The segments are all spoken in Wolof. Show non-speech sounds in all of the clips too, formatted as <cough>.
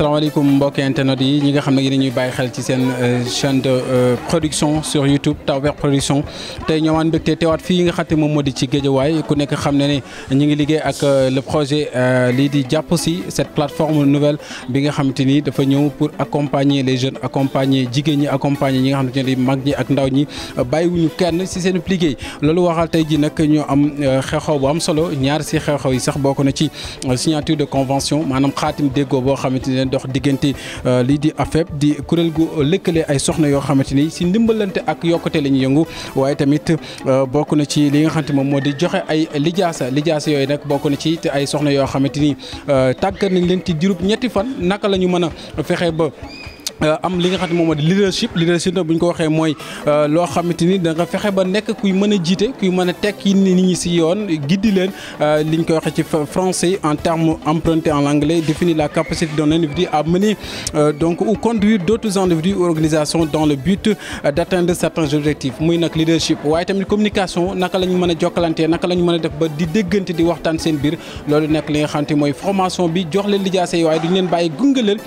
asalaamaaleykum mbokki internet yi ñi nga xam ne yéen ñuy bàyyi xel ci seen euh, chaîne de euh, production sur YouTube Tawfekh Production tey ñëwaan mbégte teewaat fii nga xam moom moo di ci Géejawaay ku nekk xam ne ne ñu ngi liggéey ak euh, le projet lii di jàpp si cette plateforme nouvelle bi nga xamante ni dafa ñëw pour accompagner les jeunes accompagner jigéen ñi accompagner ñi nga xam ne mag ñi ak ndaw ñi bàyyiwuñu kenn si seen liggéey loolu waxal tey ji nag ñu am xew-xew bu am solo ñaar si xew yi sax bokk na ci dox diggante euh, lii di AFEP di kuréel gu lëkkale ay soxna yoo xamante ni si ndimbalante ak yokkute la ñu yëngu waaye tamit euh, bokk na ci li nga xamante moom moo di joxe ay lijaasa lijaasa yooyu nag bokk na ci te ay soxna yoo xamante ni euh, tàggat nañ leen ci diirub ñetti fan naka lañu ñu mën a fexe ba Euh, am li nga xam moom moo di leadership leadership nag ko waxee mooy euh, loo xamante ni da nga fexe ba nekk kuy mën a jiite kuy mën a tekki nit ñi si yoon giddi leen euh, li ñu koy waxee ci français en termes empruntés en anglais définit la capacité d'un individu à mener donc ou conduire d'autres individus ou organisations dans le but d'atteindre certains objectifs muy nag leadership waaye tamit communication naka la ñu mën a jokkalantee naka la ñu mën a def ba di déggante di waxtaan seen biir loolu nekk li nga xam ne mooy formation bi jox leen lijaase waaye duñu leen leen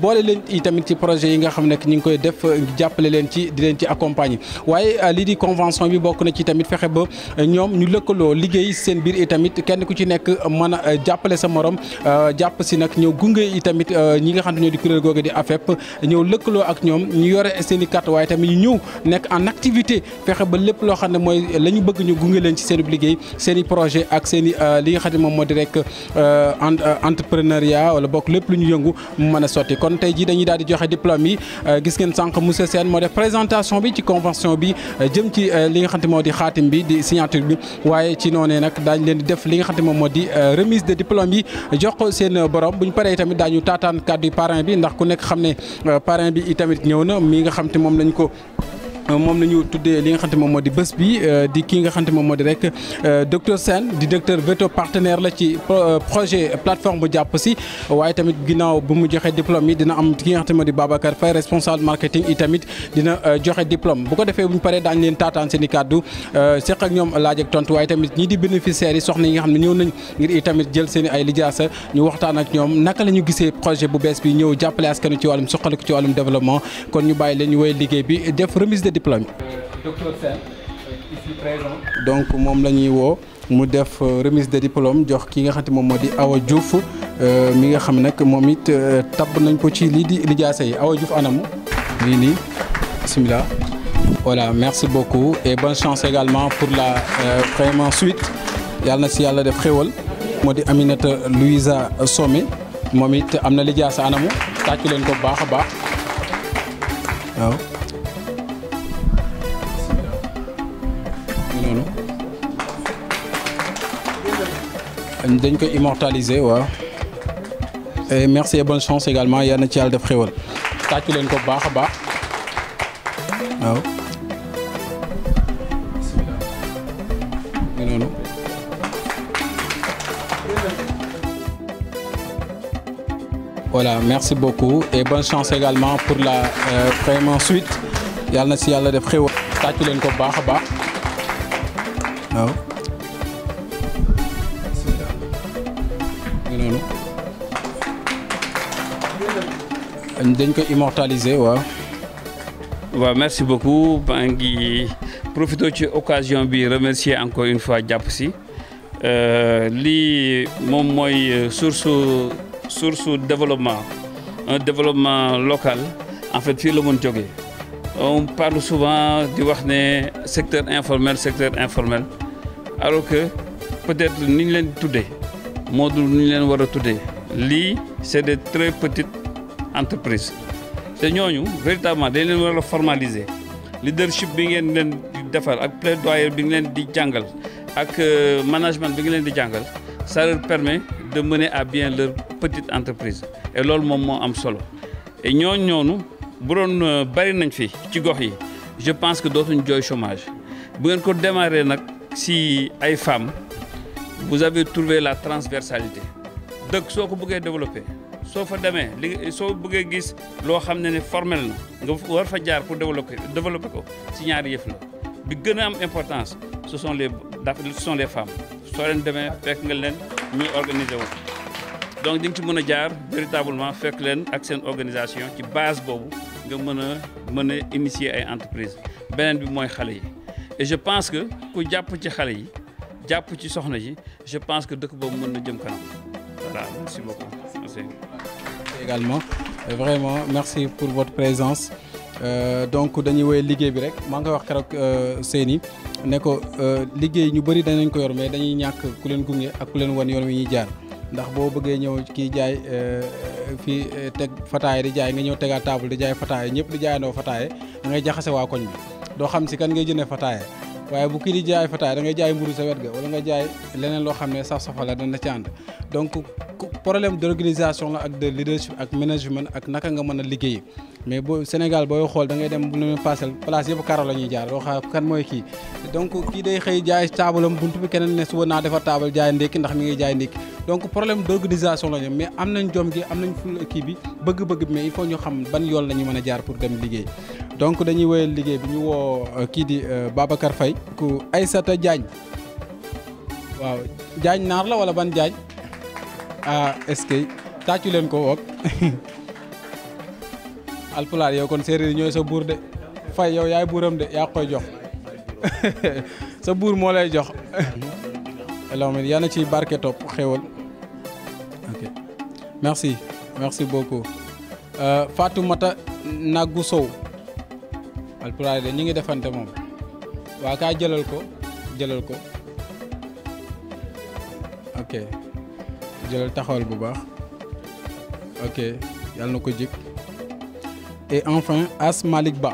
boole leen itamit ci projet yi xam ne ñu ngi koy def jàppale leen ci di leen ci accompagner waaye euh, lii di convention bi bokk na ci tamit fexe ba euh, ñoom ñu lëkkaloo liggéey seen biir i tamit kenn ku ci nekk mën a euh, jàppale sa morom jàpp si nag ñëw gunge i tamit ñi nga xam ne ñoo di kuréel googe di AFEP ñëw lëkkaloo ak ñoom ñu yore seeni i waaye tamit ñu ñëw nekk en activité fexe ba lépp loo xam ne mooy la ñu bëgg ñu gunge leen ci seen liggéey seeni projet ak seen li xam ne moom moo di rek entrepreneuriat wala bokk lépp lu ñu yëngu diplôme yi euh, gis ngeen sànq monsieur Sène moo def présentation bi ci convention bi euh, jëm ci euh, li nga xam te moo di xaatim bi di signature bi waaye ci noonee nag daañ leen di def li nga xam te moom moo di remise de diplôme yi jox ko seen borom bu ñu paree tamit daañu taataan kàddu parrain bi ndax ku nekk xam ne parrain bi itamit ñëw na mi nga xam te moom lañ ko moom la ñu tuddee li nga xamante moom moo euh, moom moo di rek euh, docteur Sène di docteur veto la ci euh, projet plateforme jàpp si waaye tamit ginnaaw bu mu joxe diplôme yi dina am di Babacar Faye responsable marketing yi tamit dina joxe diplôme bu ko defee bu ñu paree leen taataan seen i kàddu seq ak ñoom laaj ak tontu waaye tamit ñii di bénéficiaires yi soxna yi nga xam ne ñëw nañ ngir i tamit jël seen i ay lijaasa ñu waxtaan ak ñoom naka la ñu gisee projet bu bees bi ñëw jàppale askanu ci wàllum suqaliku ci wàllum développement kon ñu bàyyi leen ñu woy liggéey bi def remise de diplôme docteur donc moom la ñuy woo mu def euh, remise de diplôme jox ki nga xam te moom moo di Awa Diouf euh, mi nga xam nag moom it euh, tabb nañ ko ci lii di lijaasa yi Awa Diouf anamu lii nii bismillah voilà merci beaucoup et bonne chance également pour la vraiment suite yàlla na si yàlla def xéwal moo di Aminata Louisa Somé moom it am na lijaasa anamu tàccu leen ko bu baax a baax dañ koy immortaliser waaw. et merci et bonne chance également yal na ci yàlla def xéwal. tàccu leen ko bu baax a baax waaw. merci beaucoup et bonne chance également pour la euh, vraiment suite yàlla na si yàlla def xéwal. tàccu leen ko bu baax a baax dañ ko immortaliser waaw waaw merci beaucoup maa ngi profité ci occasion bi remercier encore une fois jàpp si euh, lii moom mooy euh, source développement un développement local en fait fii la mën jógee on parle souvent di wax ne secteur informel secteur informel alors que peut-être ni leen tuddee moo dul ñu leen war a tuddee lii c'est des très petites entreprise te ñooñu véritablement dañ leen war a formaliser leadership bi ngeen leen defar ak plaidoyer bi ngeen leen di jàngal ak euh, management bi ngeen leen di jàngal ça leur permet de mener à bien leur petite entreprise et loolu moom moo am solo et ñooñu ñoonu bu doon euh, bari nañ fi ci gox yi je pense que dootuñ jooy chomage bu ngeen ko démarrer nag si ay femmes. vous avez trouvé la transversalité dëkk soo ko bëggee développé soo fa demee li soo buggee gis loo xam ne ne formel na nga war fa jaar pour développer développé ko si ñaari yëf la bi gën a am importance ce sont les ce sont les femmes soo leen demee fekk nga leen ñuy organiser wu. donc li nga ci mën a jaar véritablement fekk leen ak seen organisation ci base boobu nga mën a mën a initier ay entreprises beneen bi mooy xale yi et je pense que ku jàpp ci xale yi. jàpp ci soxna yi je pense que dëkk boobu mën na jëm kanam voilà merci merci. vraiment merci pour votre présence euh, donc dañuy woy liggéey bi rek maa ngi wax keroog euh, Seyni ne ko euh, liggéey ñu bëri danañ ko yor mais dañuy ñàkk ku leen gunge ak ku leen wan yoon wi ñuy jaar ndax boo bëggee ñëw kii jaay fii teg fataaye di jaay nga ñëw tegaat table di jaay fataaye ñëpp di jaayandoo fataaye da jaxase waa koñ bi doo xam si kan ngay jëndee fataaye waaye bu kii di jaay fataay da ngay jaay mburu sa wet ga wala nga jaay leneen loo xam ne saf safa la dana ci ànd donc problème d'organisation la ak de leadership ak management ak naka nga mën a liggéey mais boo Sénégal booy xool da dem bu ñu paasal place yëpp karo la ñuy jaar doo xam kan mooy kii donc kii day xëy jaay taabalam buntu bi keneen ne suba naa defar taabal jaay ndékki ndax mi ngi jaay ndékki donc problème d' organisation la mais am nañ jom gi am nañ ful kii bi bëgg-bëgg bi mais il faut ñu xam ban yoon la ñu mën a jaar pour dem liggéey donc dañuy woyal liggéey bi ñu woo euh, kii di euh, Babacar fay ku Aysata jaañ waaw Diagne naar la wala ban jaañ ah est-ce que tàccu leen ko woog <laughs> alpulaar yow kon séeréer yi ñooy sa buur de Faye yow yaay buuram de yaa koy jox <laughs> sa buur moo lay jox. alhamdulilah <laughs> yal na ci barke topp xéwal. merci merci beaucoup euh, Fatoumata Nagou Sow alpulaar de ñu ngi defante moom waa kaa jëlal ko jëlal ko ok jëlal taxawal bu baax ok yàlla na ko jik et enfin As Malick Ba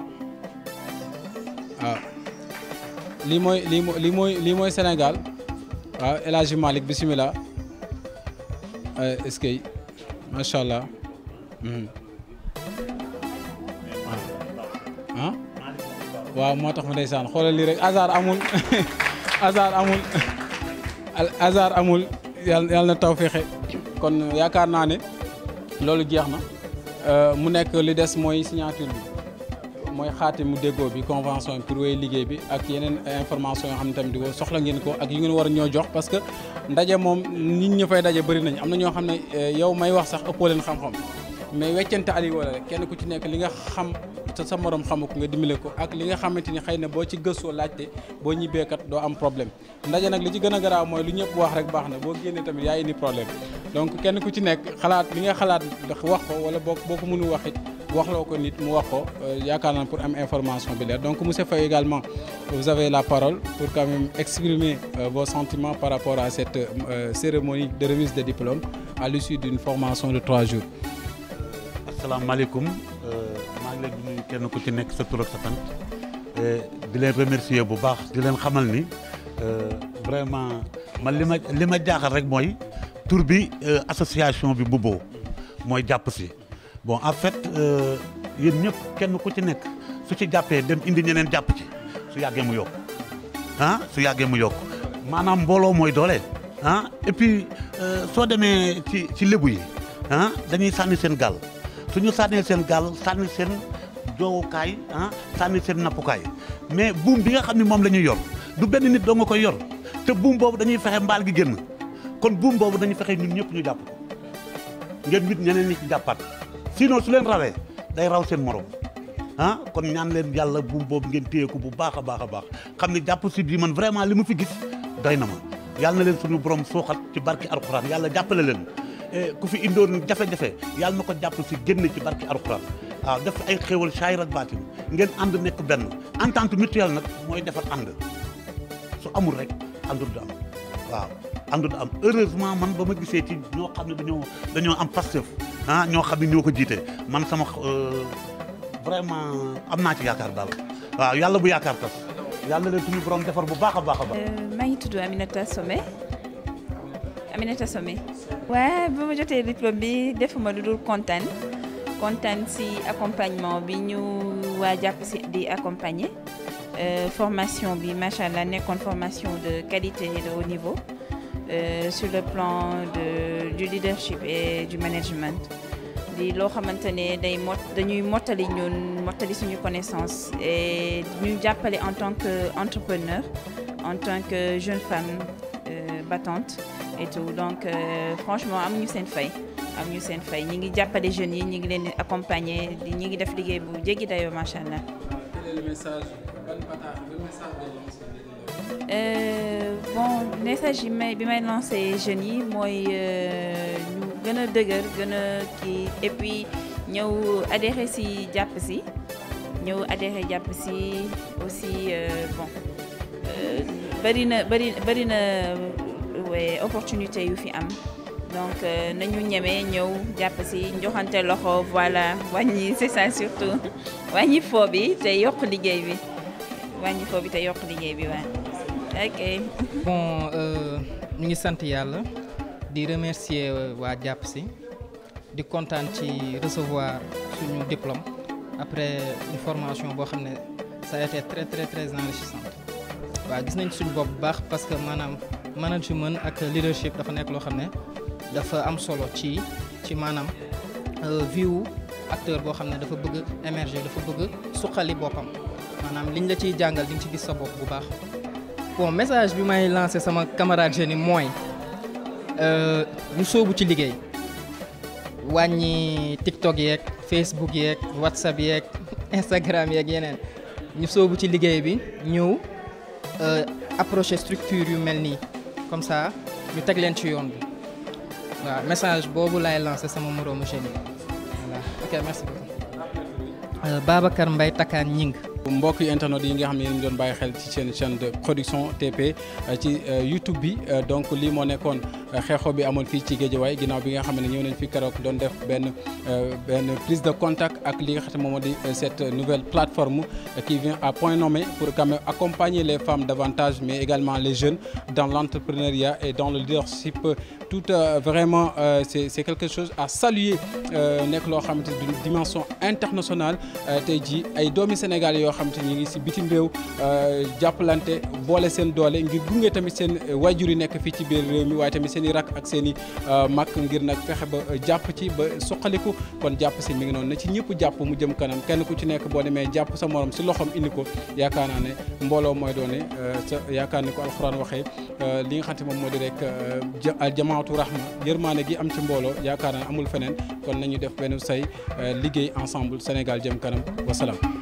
waaw ah. lii mooy lii mooy lii mooy lii waaw ah, El Hadji Malick bisimilah est euh, macha allah. Hmm. ah waaw moo tax ma ndeysaan xoolal lii rek hasard amul <laughs> hasard amul hasard amul yàlla na taw fexe kon yaakaar naa ne loolu jeex na euh, mu nekk li des mooy signature bi mooy xaati mu déggoo bi convention pour wéy liggéey bi ak yeneen information yoo xam ne tamit di ko soxla ngeen ko ak yu ngeen war a ñoo jox parce que ndaje moom nit ñi fay daje bari nañ am na ñoo xam ne eh, yow may wax sax ëppoo leen xam-xam mais weccante aliwo la rek kenn ku ci nekk li nga xam te sa morom xamu ko nga dimbale ko ak li nga xamante ni xëy na boo ci gëstoo laajte boo ñibbeekat doo am problème ndaje nag li ci gën a garaaw mooy lu ñëpp wax rek baax na boo génnee tamit yaa ni problème donc kenn ku ci nekk xalaat li nga xalaat wax ko wala boo boo ko mënu wax it waxloo ko nit mu wax ko euh, yaakaar naa pour am information bi leer donc monsieur Faye également vous avez la parole pour quand même exprimer euh, vos sentiments par rapport à cette euh, cérémonie de remise de diplôme à l'issue d'une formation de trois jours. asalaamaaleykum maa kenn ku ci nekk sa tur sa sant di leen bu baax di leen xamal ni vraiment man li ma li ma jaaxal rek mooy tur bi association bi bu boo mooy jàpp si. bon en fait euh, yéen ñëpp kenn ku ci nekk su ci jàppee dem indi ñeneen jàpp ci su yàggee mu yokk ah su yàggee mu yokk maanaam mbooloo mooy doole ah et puis euh, soo demee ci ci lébu yi ah dañuy sànni seen gaal suñu sànnee seen gaal sànni seen joowukaay ah sànni seen nappukaay mais buum bi nga xam ne moom la ñuy yor du benn nit doo nga koy yor te buum boobu dañuy fexe mbaal gi génn kon buum boobu dañuy fexe ñun ñëpp ñu jàpp ko ngeen wit ñeneen ñi ci sinon su leen rawee day raw seen morom ah kon ñaan leen yàlla buum boobu ngeen téye ko bu baax a baax a baax xam ne jàpp si bii man vraiment li mu fi gis doy na ma yàlla na leen suñu borom suuxat ci barki alxuraan yàlla jàppale leen eh, ku fi indoon jafe-jafe yàlla na ko jàpp si génn ci barki alxuraan waaw ah, def ay xéewal saayir ak baatin ngeen ànd nekk benn entente mutuelle nag mooy defar ànd su amul rek àndul du waaw du am heureusement man ba ma gisee ci ñoo xam ne dañoo dañoo am Pastef ah ñoo xam ne ñoo ko jiite man sama euh, vraiment am naa ci yaakaar daal waaw yàlla bu yaakaar tas yàlla leen suñu borom defar bu baax a baax a baax. Euh, maa ngi tudd Aminata Somé Aminata Somé. waaw ba ma jotee diplôme bi defuma lu dul kontaan kontaan si accompagnement bi ñu waa jàpp si di accompagner. Euh, formation bi macha allah nekkoon formation de qualité et de haut niveau euh, sur le plan de du leadership et du management di loo xamante ne day mot dañuy mottali ñun mottali suñu connaissance e ñu jàppale en tant que entrepreneur en tant que jeune femme euh, battante et tout donc franchement am ñu seen fay. am ñu seen fay ñi ngi jàppale jeunes yi ñi ngi leen accompagner ñu ngi def liggéey bu jéggi dayoo macha allah. Euh, bon message yi bi may lancé jeunes yi mooy euh, ñu gën a dëgër gën a kii et ñëw adhéré si jàpp si ñëw adhéré jàpp si aussi euh, bon bëri na na opportunité yu fi am donc nañu ñeme ñëw jàpp si joxante loxo voilà wàññi <laughs> c'est ça surtout wàññi foo bi te yokk liggéey bi. wàññi foofu te yokk liggéey bi waay ok. bon euh, ñu ngi sant yàlla di remercier euh, waa jàpp si di kontaan ci recevoir suñu diplôme après une boo xam ne ça a été très très très enrichissante waaw gis nañ suñu bopp bu baax parce que maanaam management ak leadership dafa nekk loo xam ne dafa am solo ci ci maanaam euh, vie acteur boo xam ne dafa bëgg émerger dafa bëgg suqali boppam. maanaam liñ la ciy jàngal di nga ci gis sa bopp bu baax bon message bi may lancé sama camarade jeunes yi mooy euh, ñu soobu ci liggéey wàññi TikTok yeeg Facebook yeeg WhatsApp yeeg <laughs> Instagram yeeg yeneen ñu soobu ci liggéey bi ñëw euh, approché structure yu mel nii comme ça ñu teg leen ci yoon bi waaw message boobu lay lancé sama moroomu jeunes yi voilà ok merci beaucoup euh, Babacar Mbaye Takane Gning bu mbokk internet yi nga xam ne yéen doon bàyyi xel ci seen chaîne de production TP euh, ci euh, YouTube bi euh, donc lii moo nekkoon. xeexoo bi amoon fii ci Guédiawaye ginnaaw bi nga xam ne ñëw nañ fi keroog doon def benn euh, benn prise de contact ak li nga xam ne moom moo di euh, cette nouvelle plateforme qui vient à point nommé pour quand même accompagner les femmes davantage mais également les jeunes dans l'entrepreneuriat et dans le leadership tout euh, vraiment c'est c'est quelque chose à saluer nekk loo xamante d'une dimension internationale tey jii ay doomi Sénégal yoo xam xamante ñi ngi si bitim réew jàppalante boole seen seen waajur yi fii ci biir seen i rakk ak seen i euh, mag ngir nag fexe ba euh, jàpp ci ba suqaliku kon jàpp si mi ngi noonu na ci ñëpp jàpp mu jëm kanam kenn ku ci nekk boo demee jàpp sa morom si loxoom indi ko yaakaar naa ne mbooloo mooy doon euh, sa yaakaar ni ko alxuraan waxee li nga xam te moom moo di rek aljamaatu rahma yërmaane gi am ci mbooloo yaakaar naa amul feneen kon nañu def benn say liggéey ensemble Sénégal jëm kanam wasalaam